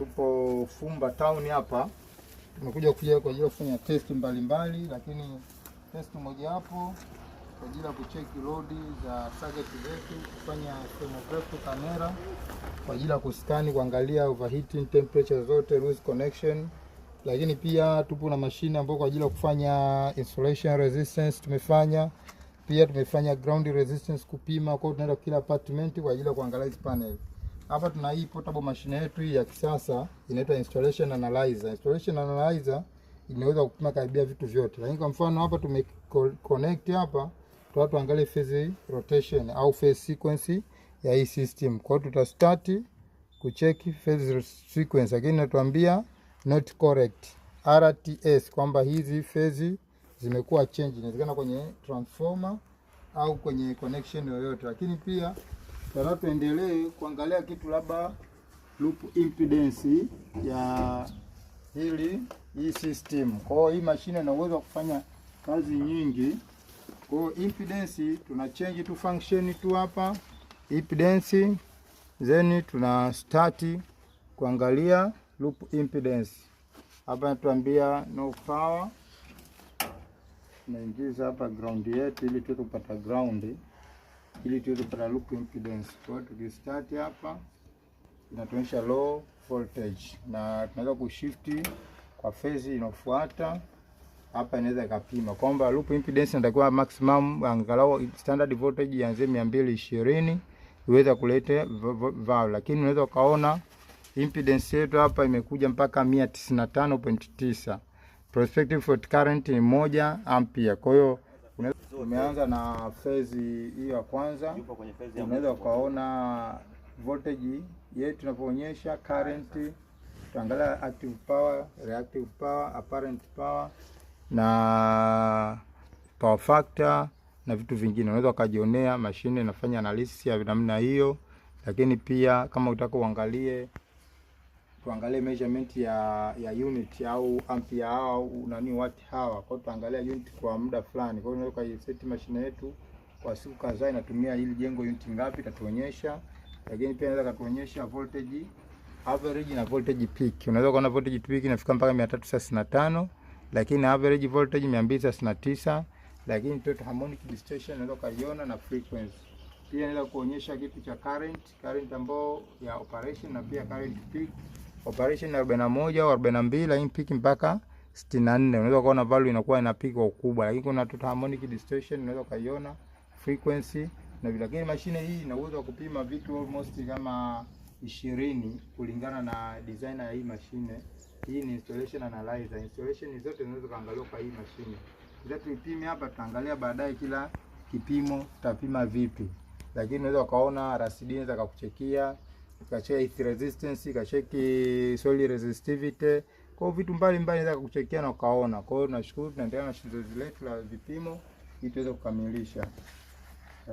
tupo Fumba town hapa, tumekuja kuja kwa ajili ya kufanya testi mbalimbali mbali, lakini moja hapo kwa ajili ya kucheki lodi za target zetu, kufanya thermography kamera kwa ajili ya kuskani kuangalia overheating temperature zote, loose connection. Lakini pia tupo na mashine ambayo kwa ajili ya kufanya insulation resistance tumefanya pia tumefanya ground resistance kupima. Kwa hiyo tunaenda kila apartment kwa ajili ya kuangalia panel. Hapa tuna hii portable mashine yetu hii ya kisasa inaitwa installation analyzer. Installation analyzer inaweza kupima karibia vitu vyote, lakini kwa mfano hapa tume connect hapa, tuta tuangalie phase rotation au phase sequence ya hii system. Kwa hiyo tuta start kucheki phase sequence, lakini inatuambia not correct RTS kwamba hizi phase zimekuwa change, inawezekana kwenye transformer au kwenye connection yoyote, lakini pia sasa tuendelee kuangalia kitu labda loop impedance ya hili hii system. Kwa hiyo hii mashine ina uwezo wa kufanya kazi nyingi. Kwa hiyo impedance tuna change tu function tu hapa impedance, then tuna start kuangalia loop impedance. Hapa natuambia no power, naingiza hapa ground yetu ili tuweze kupata ground ili tuweze kupata loop impedance. Kwa hiyo tukistart hapa inatuonyesha low voltage, na tunaweza kushift kwa phase inofuata Hapa inaweza ikapima kwamba loop impedance inatakiwa maximum angalau standard voltage ianze mia mbili ishirini iweza kuleta vao, lakini unaweza ukaona impedance yetu hapa imekuja mpaka 195.9 prospective fault current ni moja ampia, kwa hiyo Tumeanza na fezi hiyo ya kwanza, unaweza ukaona voltage yetu tunapoonyesha current, tutaangalia active power, reactive power, apparent power na power factor na vitu vingine. Unaweza ukajionea mashine inafanya analysis ya namna hiyo, lakini pia kama utaka uangalie tuangalie measurement ya ya unit au ampia au nani watt hawa. Kwa hiyo tutaangalia unit kwa muda fulani. Kwa hiyo tunaweza set mashine yetu kwa siku kadhaa inatumia hili jengo unit ngapi itatuonyesha. Lakini pia inaweza kutuonyesha voltage average na voltage peak. Unaweza kuona voltage peak inafika mpaka 335 lakini average voltage 239 lakini total harmonic distortion unaweza kuiona na frequency. Pia inaweza kuonyesha kitu cha current, current ambao ya operation na pia current peak operation 41 au 42 lakini peak mpaka 64. Unaweza kuona value inakuwa ina inapiga ukubwa, lakini kuna total harmonic distortion unaweza kaiona frequency na vile. Lakini mashine hii ina uwezo wa kupima vitu almost kama 20 kulingana na designer ya hii mashine. Hii ni installation analyzer. Installation zote zinaweza kuangaliwa kwa hii mashine. Tuipime hapa, tutaangalia baadaye kila kipimo tutapima vipi, lakini unaweza ukaona RCD inaweza kukuchekia heat resistance, kacheki soil resistivity, kwa vitu mbalimbali naweza kukuchekia na ukaona. Kwa hiyo tunashukuru, tunaendelea na shindano letu la vipimo ili tuweze kukamilisha.